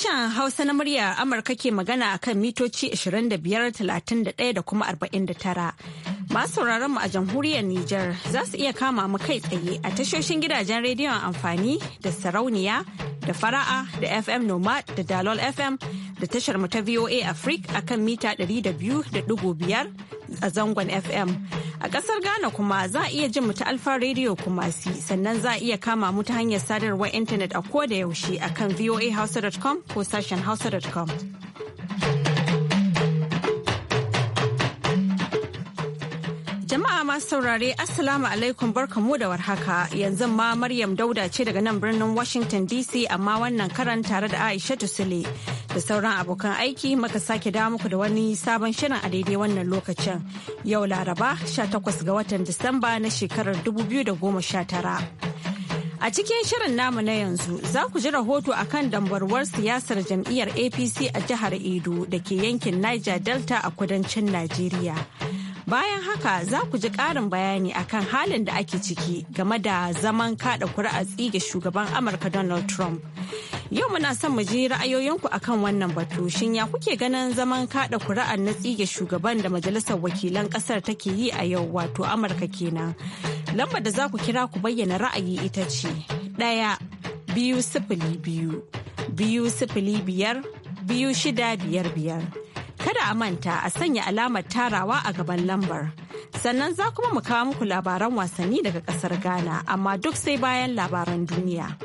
Sashen Hausa na murya Amurka ke magana a kan mitoci 25,31 da kuma 49. Masu mu a jamhuriyar Nijar za su iya kama mu kai tsaye a tashoshin gidajen rediyon amfani da sarauniya da fara'a da FM Nomad da Dalol FM da tashar mu ta VOA Africa akan mita 200.5 a zangon FM. A ƙasar Ghana kuma za a iya jin mu ta Alfa Radio Kumasi sannan za a iya kama mu ta hanyar sadarwar intanet a ko da yaushe a akan voahausa.com ko sashen hausa.com. Jama'a masu saurare Assalamu alaikum barkamu da warhaka yanzu ma Maryam Dauda ce daga nan birnin Washington DC amma wannan karan tare da Aisha Tusile da sauran abokan aiki maka sake dawo muku da wani sabon shirin a daidai wannan lokacin yau laraba 18 ga watan disamba na shekarar 2019 a cikin shirin namu na yanzu za ku ji rahoto akan dambarwar siyasar jam'iyyar apc a jihar edo da ke yankin niger delta a kudancin najeriya bayan haka za ku ji ƙarin bayani akan halin da ake ciki game da zaman kaɗa kuri'a tsige shugaban amurka donald trump Yau muna son mu ji ra'ayoyinku akan wannan batu shin ya kuke ganin zaman kada kuri'ar na tsige shugaban da majalisar wakilan kasar take yi a yau wato Amurka kenan. lamba da za ku kira ku bayyana ra'ayi ita ce ɗaya biyu sifili biyu biyu sifili biyar biyu shida biyar biyar. Kada a manta a sanya alamar tarawa a gaban lambar. Sannan za kuma mu kawo muku labaran wasanni daga kasar Ghana amma duk sai bayan labaran duniya.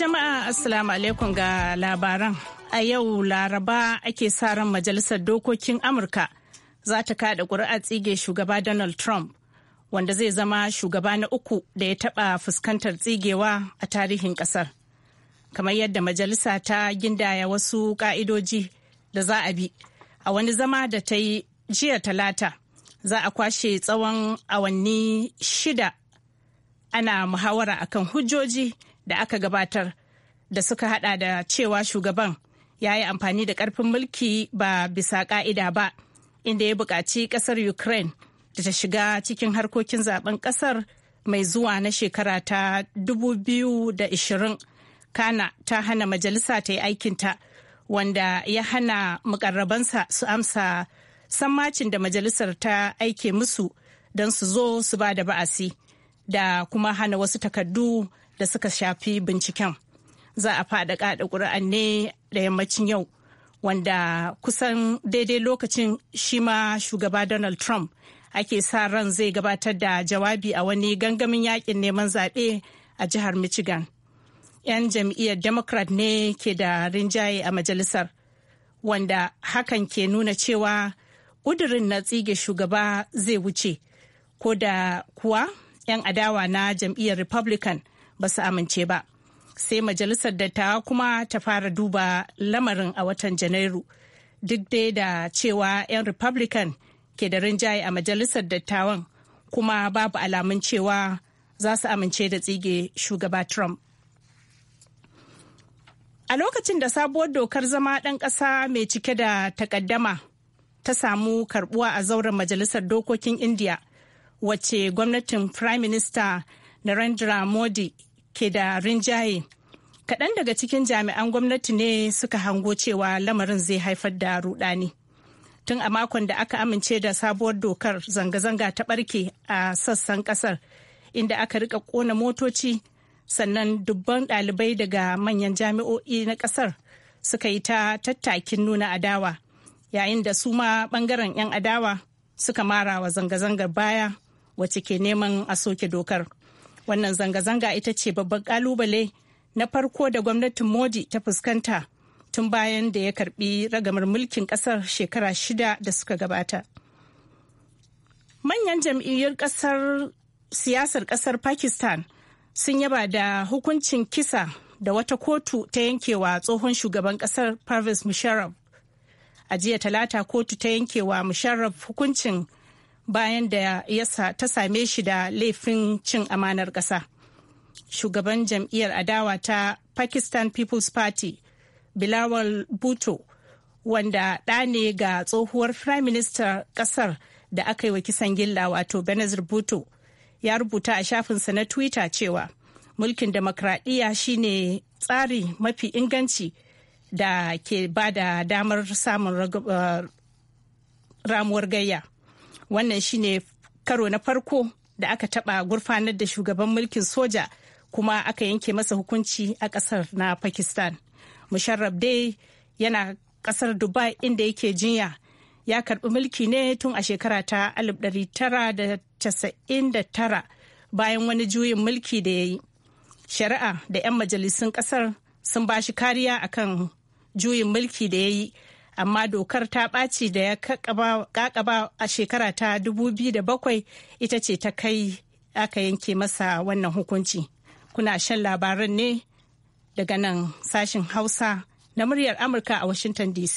jama'a assalamu alaikum ga labaran. A yau laraba ake sa ran majalisar dokokin Amurka za ta kada ƙuri'a tsige shugaba Donald Trump wanda zai zama shugaba na uku da ya taɓa fuskantar tsigewa a tarihin ƙasar. Kamar yadda majalisa ta gindaya wasu ka'idoji da za a bi a wani zama da ta yi jiya talata za a kwashe tsawon awanni shida ana muhawara akan hujjoji da aka gabatar da suka hada da cewa shugaban ya yi amfani da karfin mulki ba bisa ka'ida ba inda ya buƙaci ƙasar ukraine da ta shiga cikin harkokin zaben ƙasar mai zuwa na shekara ta 2020 kana ta hana majalisa ta yi aikinta wanda ya hana mukarrabansa su amsa sammacin da majalisar ta aike musu don su zo su ba da ba'asi da kuma hana wasu takardu da suka shafi binciken za a faɗa kada ƙuri'an ne da yammacin yau wanda kusan daidai lokacin shi ma shugaba donald trump ake sa ran zai gabatar da jawabi a wani gangamin yakin neman zaɓe a jihar michigan 'yan jam'iyyar democrat ne ke da rinjaye a majalisar wanda hakan ke nuna cewa ƙudurin na tsige shugaba zai wuce ko da kuwa 'yan adawa na jam'iyyar republican ba su amince ba sai majalisar dattawa kuma ta fara duba lamarin a watan janairu duk dai da cewa 'yan republican ke da rinjaye a majalisar dattawan kuma babu alamun cewa za su amince da tsige shugaba trump a lokacin da sabuwar dokar zama ɗan ƙasa mai cike da takaddama ta samu karbuwa a zauren majalisar dokokin india wacce gwamnatin prime minister narendra modi ke da rinjaye kaɗan daga cikin jami'an gwamnati ne suka hango cewa lamarin zai haifar da rudani tun a makon da aka amince da sabuwar dokar zanga-zanga ta barke a sassan ƙasar, inda aka rika ƙona motoci sannan dubban ɗalibai daga manyan jami'o'i na ƙasar suka yi ta tattakin nuna adawa yayin da su ma ɓangaren 'yan adawa suka mara wa zanga-zangar baya wacce ke neman a soke dokar. Wannan zanga-zanga ita ce babban kalubale na farko da gwamnatin Modi ta fuskanta tun bayan da ya karbi ragamar mulkin kasar shekara shida da suka gabata. Manyan jam'iyyar kasar siyasar kasar Pakistan sun yaba da hukuncin kisa da wata kotu ta yankewa tsohon shugaban kasar parvis Musharraf. A jiya talata kotu ta yankewa Musharraf hukuncin bayan da ta same shi da laifin cin amanar ƙasa. Shugaban jam'iyyar adawa ta Pakistan People's Party, Bilawal Bhutto, wanda ɗa ne ga tsohuwar Prime Minister ƙasar da aka yi wa kisan gilla wato Benazir Bhutto, ya rubuta a shafinsa na Twitter cewa mulkin demokradiyya shine tsari mafi inganci da ke ba da damar samun eh, ramuwar gayya. wannan shine karo na farko da aka taɓa gurfanar da shugaban mulkin soja kuma aka yanke masa hukunci a kasar na pakistan musharraf dai yana kasar dubai inda yake jinya ya karbi mulki ne tun a shekara ta 1999 bayan wani juyin mulki da ya yi shari'a da 'yan majalisun kasar sun ba shi kariya akan juyin mulki da ya yi amma dokar ta ɓaci da ya kakaba a shekara ta 2007 ita ce ta kai aka yanke masa wannan hukunci kuna shan labaran ne daga nan sashin hausa na muryar amurka a washington dc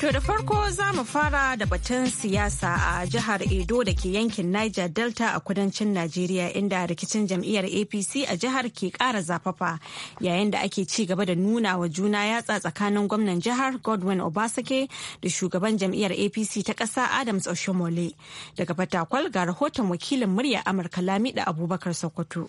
To da farko za mu fara da batun siyasa a jihar Edo da ke yankin Niger Delta a kudancin Najeriya inda rikicin jam'iyyar APC a jihar ke ƙara zafafa yayin da ake ci gaba da nuna wa juna yatsa tsakanin gwamnan jihar Godwin Obasake da shugaban jam'iyyar APC ta ƙasa Adams Oshomole. Daga Fatakwal ga rahoton wakilin murya Amurka Lamida Abubakar Sokoto.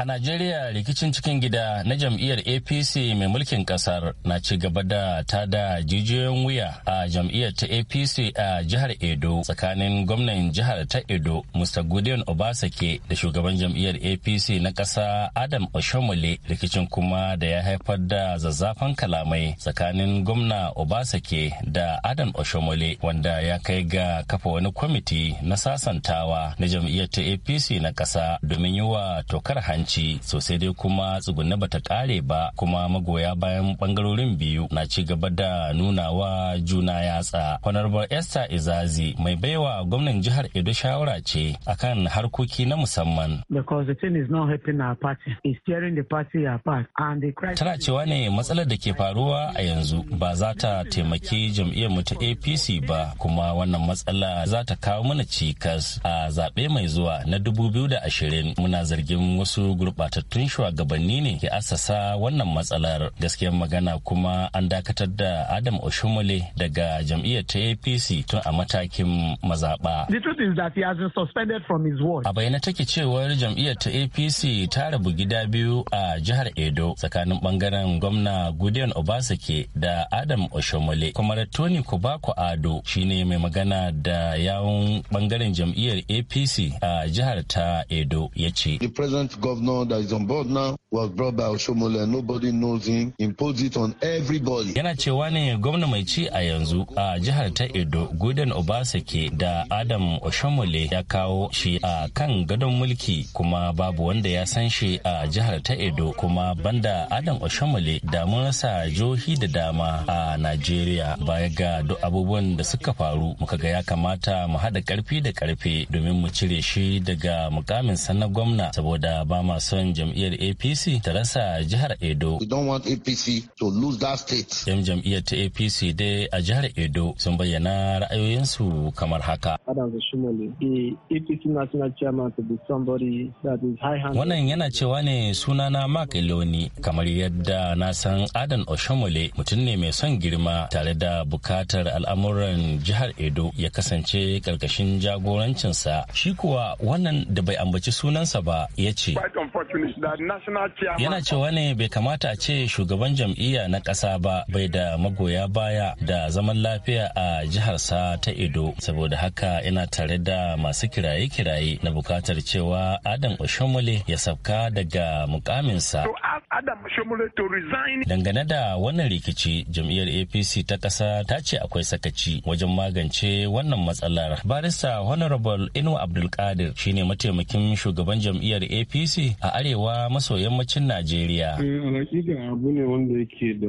A Najeriya rikicin cikin gida na jam'iyyar APC mai mulkin kasar na ci gaba da ta da jijiyoyin wuya a jam'iyyar ta APC a jihar Edo tsakanin gwamnan jihar ta Edo Mr. Gideon Obasake da shugaban jam'iyyar APC na ƙasa Adam Oshomole rikicin kuma da ya haifar da zazzafan kalamai tsakanin gwamna Obasake da Adam Oshomole wanda ya kai ga kafa wani kwamiti na sasantawa na jam'iyyar ta APC na ƙasa domin yi wa tokar hanci hukunci sosai dai kuma tsugunna ta kare ba kuma magoya bayan bangarorin biyu na ci gaba da nuna wa juna yatsa honorable esther izazi mai baiwa gwamnan jihar edo shawara ce akan harkoki na musamman tana cewa ne matsalar da ke faruwa a yanzu ba za ta taimaki jam'iyyar mu ta apc ba kuma wannan matsala za ta kawo mana cikas a zaɓe mai zuwa na 2020 muna zargin wasu gurɓatattun shugabanni ne ke assasa wannan matsalar gaskiyar magana kuma an dakatar da adam oshomole daga jam'iyyar ta apc tun a matakin mazaɓa a bayyana take cewar jam'iyyar ta apc ta rabu gida biyu a jihar edo tsakanin bangaren gwamna gudiyan obasake da adam oshomole kuma tony kubako ado shine mai magana da yawun bangaren jam'iyyar apc a jihar ta edo ya ce the present governor governor that is on board now was brought by Oshomola. Nobody knows him. Imposed it on everybody. Yana cewa ne gwamna mai ci a yanzu a jihar ta Edo Gordon Obasake da Adam Oshomole ya kawo shi a kan gadon mulki kuma babu wanda ya san shi a jihar ta Edo kuma banda Adam Oshomole da mun rasa jihohi da dama a Najeriya baya ga duk abubuwan da suka faru muka ga ya kamata mu haɗa ƙarfi da ƙarfe domin mu cire shi daga mukamin na gwamna saboda ba ma son jam'iyyar apc ta rasa jihar edo We don't want APC to lose that state. yan jam'iyyar ta apc dai a jihar edo sun bayyana ra'ayoyinsu kamar haka wannan yana cewa ne sunana mark iloni kamar yadda na san adan oshomole mutum ne mai son girma tare da bukatar al'amuran jihar edo ya kasance karkashin jagorancinsa shi kuwa wannan da bai ambaci sunansa ba ya ce yana cewa ne bai kamata a ce shugaban jam'iyya na ƙasa ba bai da magoya baya da zaman lafiya a jiharsa ta ido saboda haka yana tare da masu kiraye-kiraye na bukatar cewa Adam Oshomole ya sauka daga mukaminsa. Adam Shomole to resign. Dangane da wannan rikici, jam'iyyar APC ta ƙasa ta ce akwai sakaci wajen magance wannan matsalar. Barista Honorable Inu Abdulkadir shine mataimakin shugaban jam'iyyar APC a arewa maso yammacin Najeriya. Eh, hakika abu ne wanda yake da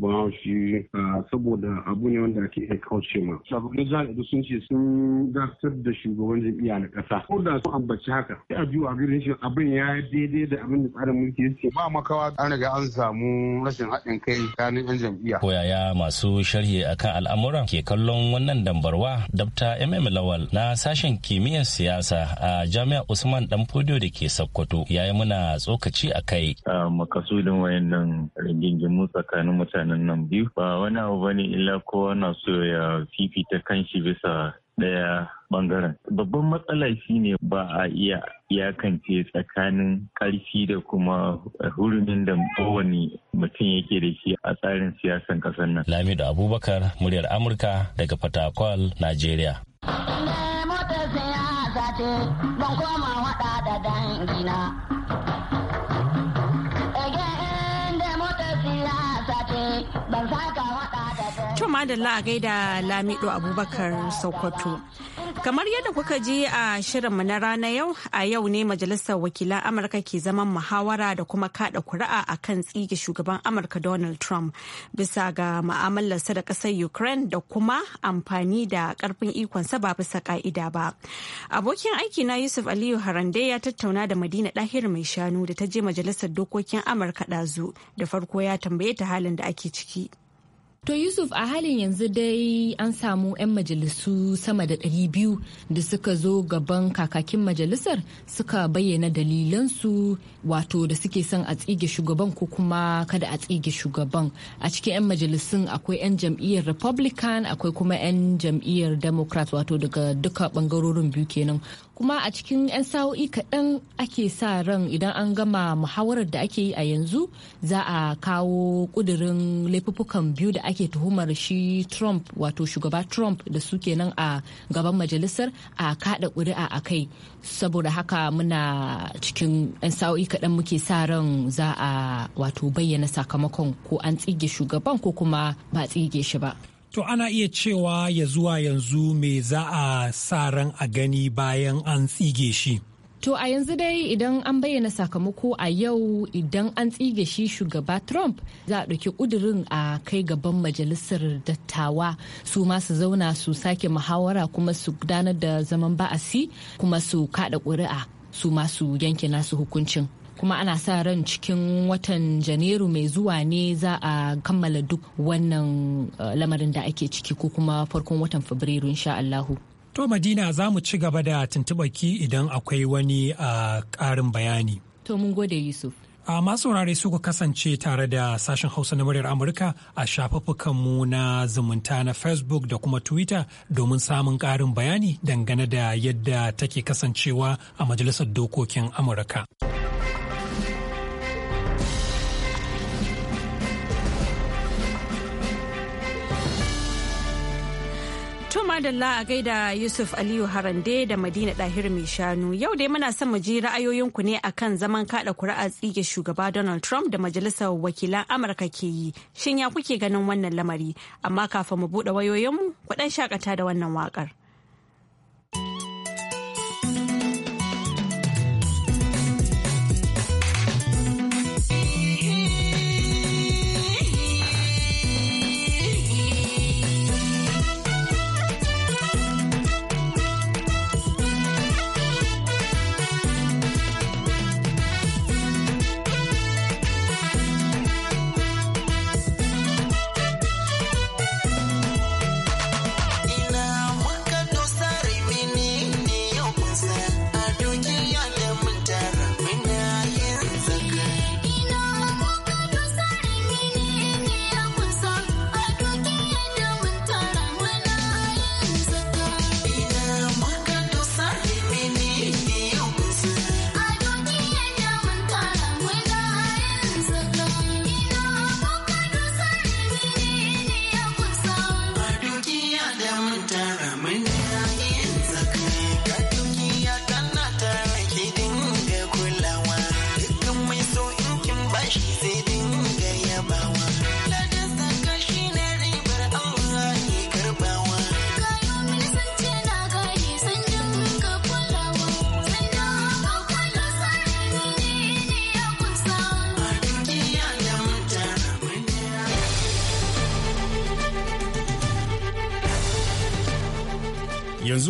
bahaushe saboda abu ne wanda ake kauce ma. Shugabannin jihar Edo sun ce sun gasar da shugaban jam'iyya na ƙasa. Ko da sun ambaci haka. a biyu a gidan shi abin ya daidai da abin da tsarin mulki yake. Ba makawa an riga an samu rashin haɗin kai tsakanin 'yan jam'iyya. Ko yaya masu sharhi akan al'amuran ke kallon wannan dambarwa dabta MM Lawal na sashen kimiyyar siyasa a Jami'a Usman Fodiyo da ke Sokoto ya yi muna tsokaci a kai. Makasudin wayannan rigingimu tsakanin mutanen nan biyu ba wani abu ne illa kowa na so ya fifita kanshi bisa daya bangaren. Babban matsala shine ba a iya iyakance tsakanin karfi da kuma hurumin da kowane mutum yake da shi a tsarin siyasan ƙasar nan. Lamido Abubakar, muryar Amurka daga Fatakwal, Najeriya. Ne koma da dangina. madalla a gaida Lamido Abubakar Sokoto. Kamar yadda kuka ji a shirinmu na rana yau, a yau ne Majalisar Wakilan Amurka ke zaman muhawara da kuma kada kuri'a a kan tsige shugaban Amurka Donald Trump bisa ga mu'amalarsa da ƙasar Ukraine da kuma amfani da ƙarfin ikonsa ba bisa ƙa'ida ba. Abokin aiki na Yusuf Aliyu Harande ya tattauna da Madina Dahir mai shanu da ta je Majalisar Dokokin Amurka ɗazu da farko ya tambaye ta halin da ake ciki. To Yusuf a halin yanzu dai an samu 'yan majalisu sama da ɗari biyu da suka zo gaban kakakin majalisar suka bayyana dalilansu wato da suke son a tsige shugaban ko kuma kada a tsige shugaban. A cikin 'yan majalisun akwai 'yan jam'iyyar Republican akwai kuma 'yan jam'iyyar Democrat wato daga duka bangarorin biyu kenan. Kuma a cikin 'yan sa'o'i kaɗan ake sa ran idan an gama muhawarar da ake yi a yanzu za a kawo ƙudurin laifuffukan biyu da ake ake tuhumar shi trump wato shugaba trump da suke nan a gaban majalisar a kada ƙuri'a a kai saboda haka muna cikin 'yan sa'o'i kaɗan muke sa ran za a wato bayyana sakamakon ko an tsige shugaban ko kuma ba tsige shi ba To ana iya cewa ya zuwa yanzu me za a sa ran a gani bayan an tsige shi. To a yanzu dai idan an bayyana sakamako a yau idan an tsige shi shugaba Trump za a ɗauki ƙudurin a kai gaban majalisar dattawa su masu zauna su sake muhawara kuma su gudanar da zaman ba'asi kuma su kaɗa ƙuri'a su masu yanke nasu hukuncin. kuma ana sa ran cikin watan janairu mai zuwa ne za a kammala duk wannan eh, lamarin da ake ciki ko kuma farkon watan fabrairu insha Allahu. To Madina za mu ci gaba da ki idan akwai wani ƙarin bayani. To mun gode Yusuf. A masu wurare suka kasance tare da sashen Hausa na muryar Amurka a mu na zumunta na Facebook da kuma Twitter domin samun ƙarin bayani dangane da yadda take kasancewa a Majalisar Dokokin Amurka. To madalla a gaida Yusuf Aliyu Harande da Madina Dahir mai shanu yau dai muna son mu ji ra'ayoyinku ne akan zaman kada kuri'a tsige shugaba Donald Trump da majalisar wakilan Amurka ke yi. Shin ya kuke ganin wannan lamari? Amma kafin mu buɗe wayoyinmu, ku shakata da wannan waƙar.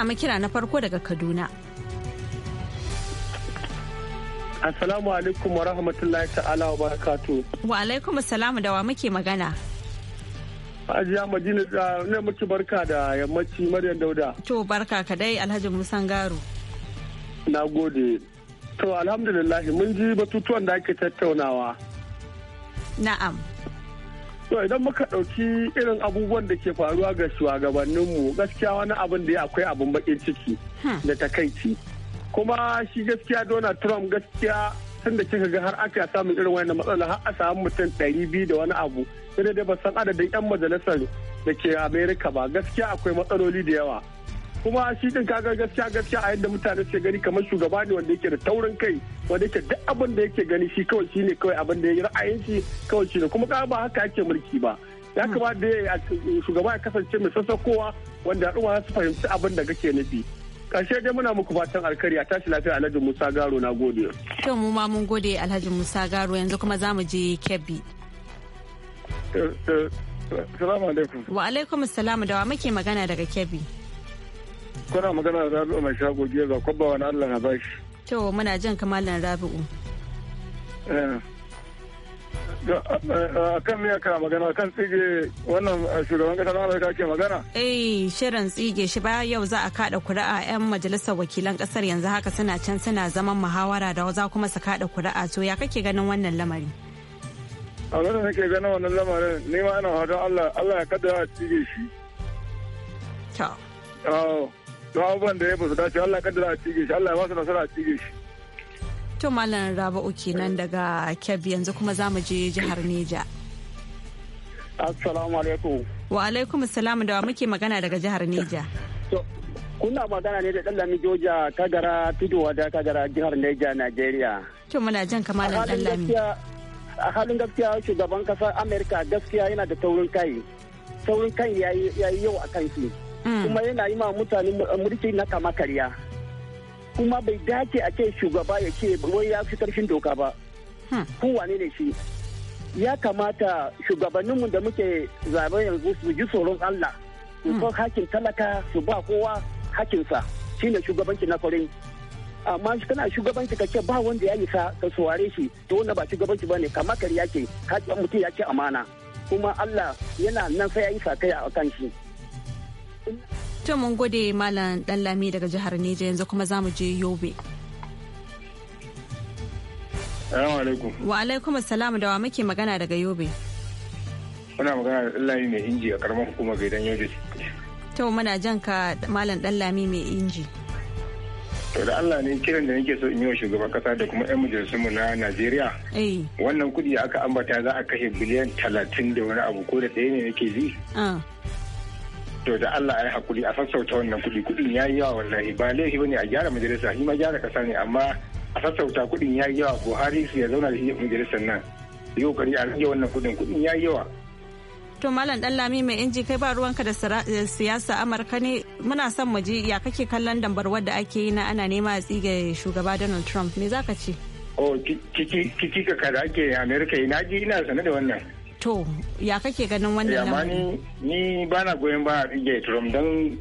samu kira na farko daga Kaduna. Assalamu alaikum wa rahmatullahi ta'ala wa barakatu. Wa alaikum assalamu da wa muke magana. Hajiya Madina ne muke barka da yammaci Maryam Dauda. To barka ka dai Alhaji Musa Garo. Na gode. To alhamdulillah mun ji batutuwan da ake tattaunawa. Na'am. To idan muka ɗauki irin abubuwan da ke faruwa ga shugabanninmu gaskiya wani abin da ya akwai abin bakin ciki da takaici. Kuma shi gaskiya Donald Trump gaskiya tun da kika ga har aka samu irin wannan matsala har a samu mutum ɗari biyu da wani abu sai dai ba san adadin 'yan majalisar da ke Amerika ba gaskiya akwai matsaloli da yawa. kuma shi din kaga gaskiya gaskiya a yadda mutane ke gani kamar shugaba ne wanda yake da taurin kai wanda yake duk abin da yake gani shi kawai shine kawai abin da yake ra'ayin shi kawai shine kuma ka ba haka yake mulki ba ya hmm. kamata da shugaba ya kasance mai sassakowa wanda al'umma su fahimci abin da kake nufi karshe dai muna muku fatan alkari a tashi lafiya alhaji musa garo na gode to mu ma mun gode alhaji musa garo yanzu kuma za mu je kebbi eh, eh, salamu alaikum wa alaikum salamu da wa muke magana daga kebbi Kuna magana da Rabi'u mai shago jiya ga kwabba wani Allah na bashi. To muna jan kamalan Rabi'u. Eh. kan miya ka magana kan tsige wannan shugaban kasar amurka ke magana eh shirin tsige shi ba yau za a kada kuri'a yan majalisar wakilan kasar yanzu haka suna can suna zaman muhawara da za kuma su kada kuri'a to ya kake ganin wannan lamari a da nake ganin wannan lamarin ni ma ina fatan Allah Allah ya kada a tsige shi to abubuwan da ya ba su dace Allah kaddara a cige shi Allah ya masa nasara a cige shi to malam Rabi'u nan daga Kebbi yanzu kuma za mu je jihar Neja Assalamu alaikum wa alaikum assalamu da muke magana daga jihar Neja kuna magana ne da Dallami Joja Kagara Tuduwa da Kagara jihar Neja Najeriya to muna jan kamalan Dallami a halin gaskiya shugaban kasar Amerika gaskiya yana da taurin kai taurin kai yayi yau a kanki Mm. kuma yana yi ma mutane mulki na kama karya kuma bai dace a ce shugaba ya ce wai ya fi karfin doka ba hmm. kowane ne shi ya kamata shugabanninmu da muke zaɓen yanzu su ji tsoron Allah su san hmm. hakin talaka su ba kowa hakinsa ne shugabanci na kwarin amma kana shugabanci ka ce ba wanda ya isa ka suware shi to wanda ba shugabanci ba ne kama kariya yake hakin mutum ya ce amana kuma Allah yana nan sai ya isa kai a kan shi To mun gode Malam Danlami daga jihar Neja yanzu kuma za mu je Yobe. Wa alaikum assalamu da wa muke magana daga Yobe. Muna magana da Danlami mai inji a karamar hukumar gaidan Yobe. To muna jan ka Malam Danlami mai inji. To da Allah ne kiran da nake so in yi wa shugaban kasa da kuma 'yan majalisunmu na Najeriya. Eh. Wannan kudi aka ambata za a kashe biliyan talatin da wani abu ko da ɗaya ne nake ji. Ah. to da Allah ya hakuri a sassauta wannan kuɗi kuɗin ya yi yawa wallahi ba laifi bane a gyara majalisa shi ma gyara kasa ne amma a sassauta kuɗin ya yi yawa Buhari su ya zauna da shi majalisar nan yi kokari a rage wannan kuɗin kuɗin ya yi yawa. To Malam Ɗanlami mai inji kai ba ruwanka da siyasa Amurka ne muna son mu ji ya kake kallon dambarwar da ake yi na ana nema a tsige shugaba Donald Trump me zaka ce? Oh kiki kiki kaka da ake Amerika na ji ina sane da wannan. to ya kake ganin wannan lamari ni ba na goyon ba a trump don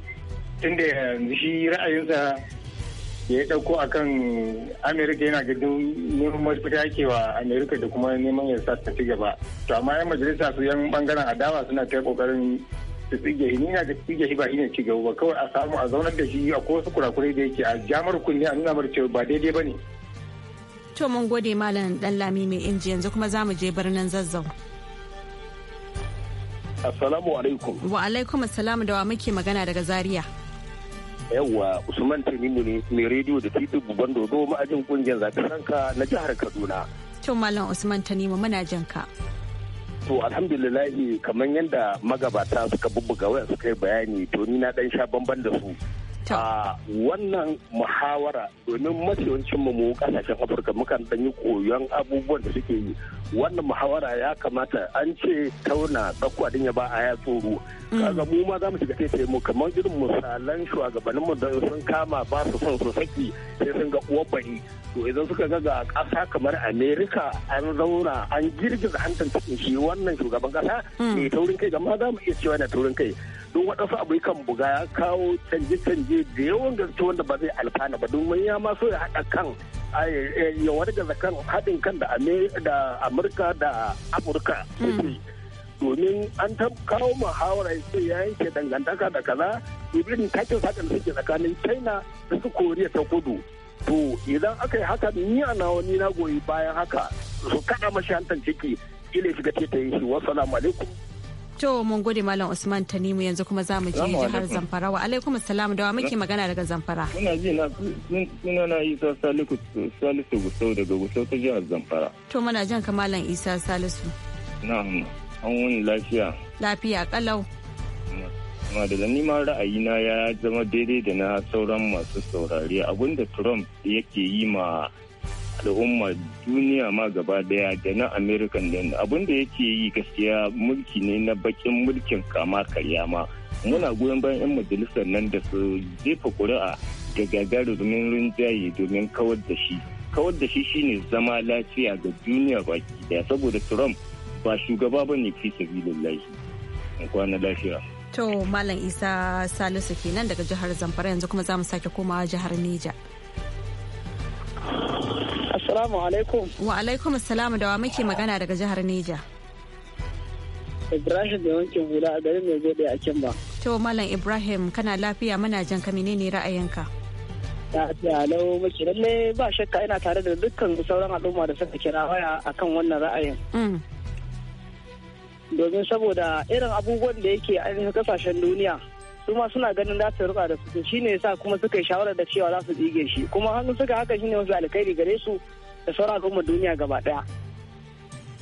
tunda yanzu shi ra'ayinsa ya yi ɗauko a kan amerika yana gidan neman mafita ake wa amerika da kuma neman ya sa ta ci gaba to amma yan majalisa su yan bangaren adawa suna ta kokarin su tsige shi ni na ga tsige shi ba shi ne ci gaba ba kawai a samu a zaunar da shi a kowace kurakurai da yake a jamar kunne a nuna mara cewa ba daidai ba ne. to mun gode malam dan lami mai inji yanzu kuma za mu je birnin zazzau. Assalamu alaikum. Wa alaikum assalamu da wa muke magana daga Zaria. Yawwa Usman Tanimu ne mai rediyo da titi buban dodo ma'ajin kungiyar zakisanka ranka na jihar Kaduna. Cin Malam Usman Tanimu muna jin ka. To alhamdulillah kamar yadda magabata suka bubbuga waya suka yi bayani to ni na dan sha bamban da su. a wannan muhawara domin mafiyancin mu kasashen afirka mukan dan yi koyon abubuwan da suke yi wannan muhawara ya kamata an ce tauna din ya ba a ya tsoro mm. kaga mu ma za mu shiga tete mu kamar irin misalan shugabannin mu da sun kama ba su son su saki sai sun ga uwar bari to idan suka ga ga kasa kamar america an zauna an girgiza hantar cikin shi wannan shugaban kasa mm. mai taurin kai gama za mu iya cewa na taurin kai don waɗansu abu kan buga ya kawo canje-canje da yawan gaske wanda ba zai alfana ba domin ya ma so ya haɗa kan eh, ya warga kan haɗin kan da amurka da amurka. Hmm. domin an ta kawo muhawara ya ce ya yanke dangantaka da kaza irin kakin sakan suke tsakanin china da su koriya ta kudu to idan aka yi haka ni a nawa ni na goyi bayan haka su kaɗa mashi hantar ciki ile shiga ce ta yi shi wasu alaikum To mun gode Malam Usman Tanimu yanzu kuma za mu je jihar Zamfara wa alaikum salam da wa muke magana daga Zamfara. Muna ji na suna na Isa Salisu Salisu Gusau daga Gusau ta jihar Zamfara. To muna jan ka Malam Isa Salisu. Na'am an wani lafiya. Lafiya kalau. da ni ma ra'ayina ya zama daidai da na sauran masu saurari abinda Trump yake yi ma al'umma duniya ma gaba daya da na american din abin da yake yi gaskiya mulki ne na bakin mulkin kama karya ma muna goyon bayan 'yan majalisar nan da su jefa kuri'a da gagarumin rinjaye domin kawar da shi kawar da shi shine zama lafiya ga duniya baki daya saboda trump ba shugaba ba ne fi in kwana lafiya to malam isa salisu kenan daga jihar zamfara yanzu kuma za mu sake komawa jihar neja Assalamu alaikum. Wa alaikum assalamu da wa muke magana daga jihar Neja. Ibrahim da wankin hula a garin mai gode a ba. To Malam Ibrahim kana lafiya muna jan ka menene ra'ayinka? Ya lau muke lalle ba shakka ina tare da dukkan sauran al'umma da suka kira waya akan wannan ra'ayin. Mm. Domin saboda irin abubuwan da yake ainihin kasashen duniya su suna ganin za su rika da su shine yasa kuma suka yi shawarar da cewa za su tsige shi kuma hannu suka haka shine wasu alkhairi gare su da sauran al'ummar duniya gaba daya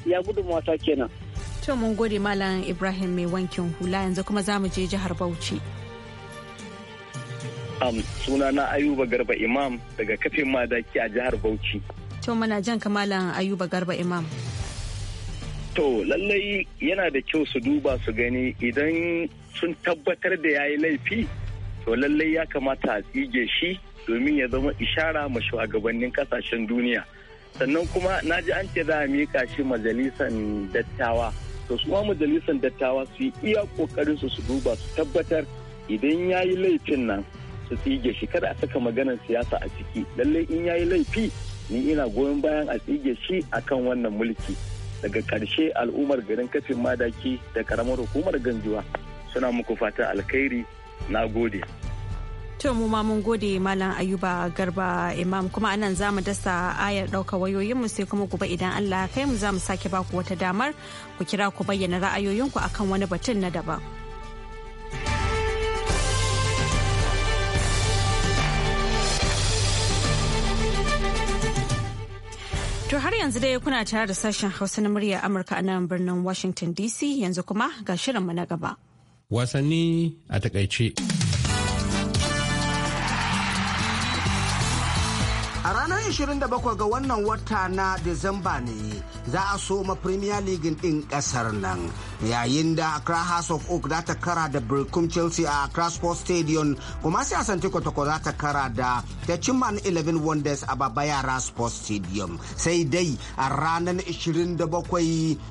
ya gudu ta kenan to mun gode malam ibrahim mai wankin hula yanzu kuma za mu je jihar bauchi um, na ayuba garba imam daga kafin madaki a jihar bauchi to muna jan kamalan ayuba garba imam to lallai yana da kyau su duba su gani idan sun tabbatar da yayi laifi to lallai ya kamata a tsige shi domin ya zama ishara ma shugabannin kasashen duniya sannan kuma na ji an ce za a mika shi majalisan dattawa to su ma majalisan dattawa su yi iya kokarin su su duba su tabbatar idan ya yi laifin nan su tsige shi kada a saka maganar siyasa a ciki lallai in ya yi laifi ni ina goyon bayan a tsige shi akan wannan mulki daga ƙarshe al'ummar garin kafin madaki da karamar hukumar ganjuwa suna muku fata alkhairi na gode. To mu ma mun gode Malam Ayuba Garba Imam kuma anan za mu dasa ayar ɗauka mu sai kuma gobe idan Allah kai mu za mu sake baku wata damar ku kira ku bayyana ra'ayoyinku akan wani batun na daban. To har yanzu dai kuna tare da sashen Hausa na murya Amurka a nan birnin Washington DC yanzu kuma ga shirinmu na gaba. Wasanni a takaice. don't know. 27 ga wannan wata na Disamba ne za a soma Premier League ɗin ƙasar nan yayin da Accra House of Oak za ta kara da Birkum Chelsea a Accra Sports Stadium kuma sai Asante Kotoko za ta kara da da Chimman 11 Wonders a Baba Yara Sports Stadium sai dai a ranar 27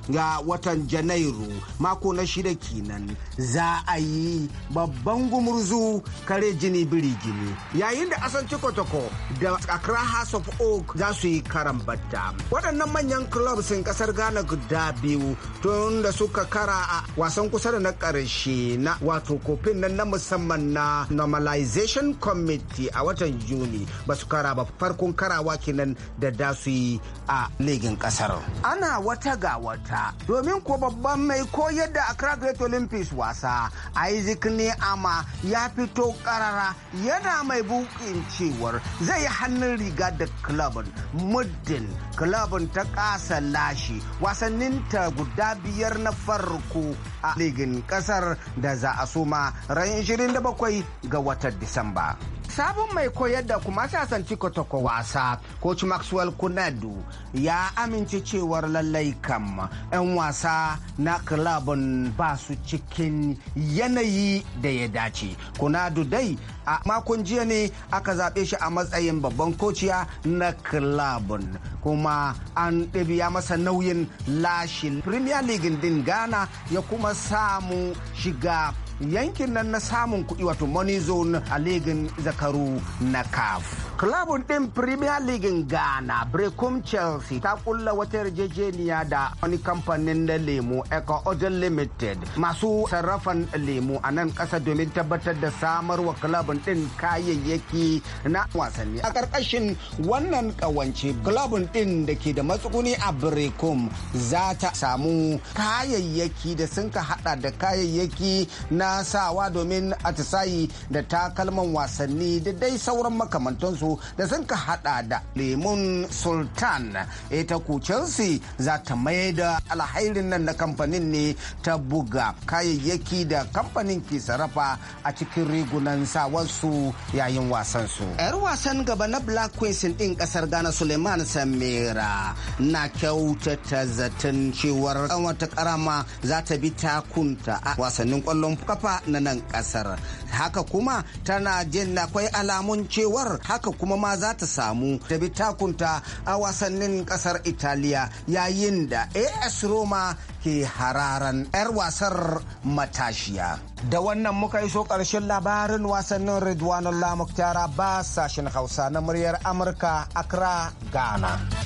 ga watan Janairu mako na shida kenan za a yi babban gumurzu kare jini biri gini yayin da Asante Kotoko da Accra House of of oak za su yi karan batta waɗannan manyan clubs in kasar ghana guda biyu tun da suka kara a wasan kusa da na ƙarshe na wato kofin nan na musamman na normalization committee a watan juni ba su kara ba farkon karawa kenan da da su yi a ligin kasar ana wata ga wata domin ko babban mai koyar da accra great olympics wasa isaac ne ama ya fito karara yana mai bukin cewar zai yi hannun riga da club muddin club ta kasa lashe wasanninta guda biyar na farko a ligin kasar da za a soma ran 27 ga watan disamba sabon mai koyar da kuma sasanci kotoko wasa coach maxwell kunadu ya amince cewar lallai kam 'yan wasa na kilabin ba su cikin yanayi da ya dace kunadu dai a makon jiya ne aka zaɓe shi a matsayin babban kociya na kilabin kuma an ɗabiya masa nauyin lashin premier league din ghana ya kuma samu shiga yankin nan na samun kuɗi wato money zone a ligin zakaru na caf klabun ɗin Premier League Ghana, Brecum Chelsea ta kulla wata yarjejeniya da wani kamfanin na lemu Eco Ocean Limited masu sarrafan lemu a nan ƙasa domin tabbatar da samar wa klabun ɗin kayayyaki na wasanni. A ƙarƙashin wannan ƙawance, klabun ɗin da ke da matsuguni a Brecum za ta samu kayayyaki da sun ka hada da kayayyaki na sawa domin atisayi da takalman wasanni da dai sauran makamantansu wato da sun ka hada da lemun sultan ita ku chelsea za ta mai da alhairin nan na kamfanin ne ta buga kayayyaki da kamfanin ke sarrafa a cikin rigunan sawansu yayin wasansu yar wasan gaba na black queens din kasar ghana suleiman samira na kyautata zaton cewar wata karama za ta bi takunta a wasannin kwallon kafa na nan kasar haka kuma tana jin akwai alamun cewar haka kuma ma za ta samu da takunta a wasannin kasar italiya yayin da as roma ke hararan 'yar wasar matashiya da wannan muka so ƙarshen labarin wasannin ridwanullah muktara ba sashen hausa na muryar amurka accra ghana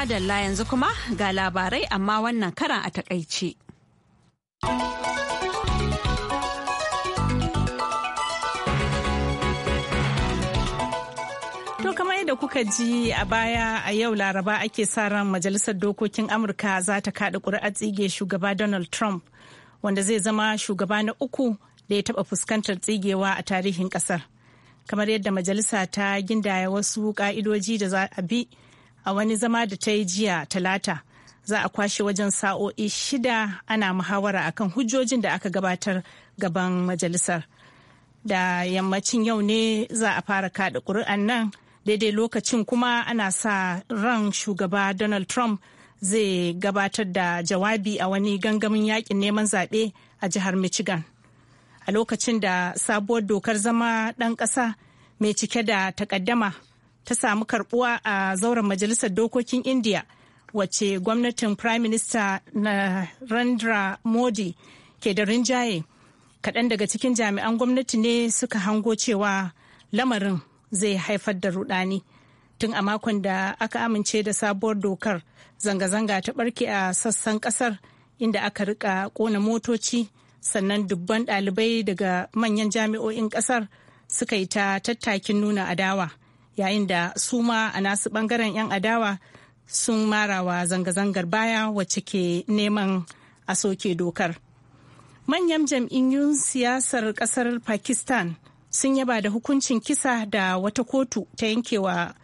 madalla yanzu kuma ga labarai amma wannan karan a takaice. To kamar yadda kuka ji a baya a yau laraba ake sa ran majalisar dokokin Amurka za ta kaɗa ƙuri'a tsige shugaba Donald Trump wanda zai zama shugaba na uku da ya taɓa fuskantar tsigewa a tarihin ƙasar. Kamar yadda majalisa ta gindaya wasu ƙa'idoji da za a bi a wani zama da ta yi jiya talata za a kwashe wajen sa'o'i shida ana muhawara akan hujjojin da aka gabatar gaban majalisar da yammacin yau ne za a fara kaɗa ƙuri'an nan daidai lokacin kuma ana sa ran shugaba donald trump zai gabatar da jawabi a wani gangamin yakin neman zaɓe a jihar michigan a lokacin da sabuwar dokar zama ɗan ƙasa mai cike da takaddama ta samu karbuwa a zauren majalisar dokokin indiya wacce gwamnatin prime minister narendra modi ke da rinjaye kaɗan daga cikin jami'an gwamnati ne suka hango cewa lamarin zai haifar da rudani tun a makon da aka amince da sabuwar dokar zanga-zanga ta barke a sassan kasar inda aka rika kona motoci sannan dubban ɗalibai daga manyan jami'o'in kasar suka yi ta tattakin nuna adawa yayin da su ma a nasu bangaren 'yan adawa sun marawa zanga-zangar baya wacce ke neman a soke dokar manyan jam'iyyun siyasar kasar pakistan sun yaba da hukuncin kisa da wata kotu ta yankewa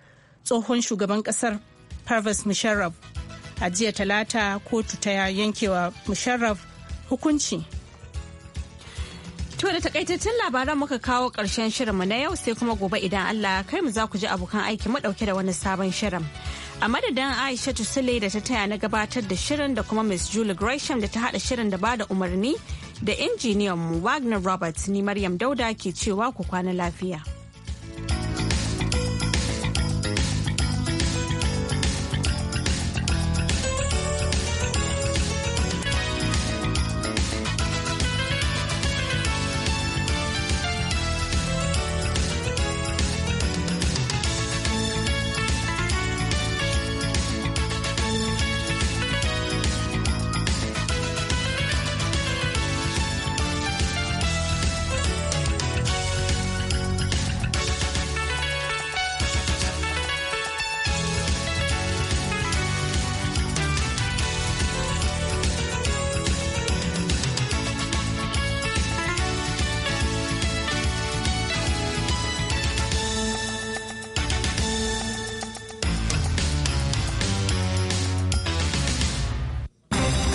tsohon shugaban kasar Pervez Musharraf. A jiya talata kotu ta yankewa Musharraf hukunci To da takaitaccen labaran muka kawo ƙarshen shirinmu na yau sai kuma gobe idan Allah kai mu za ku ji abokan aiki mu dauke da wani sabon shirin. A madadin Aisha Tusile da ta taya na gabatar da shirin da kuma Miss Julie Gresham da ta hada shirin da bada umarni da injiniyan mu Wagner Roberts ni Maryam Dauda ke cewa ku kwana lafiya.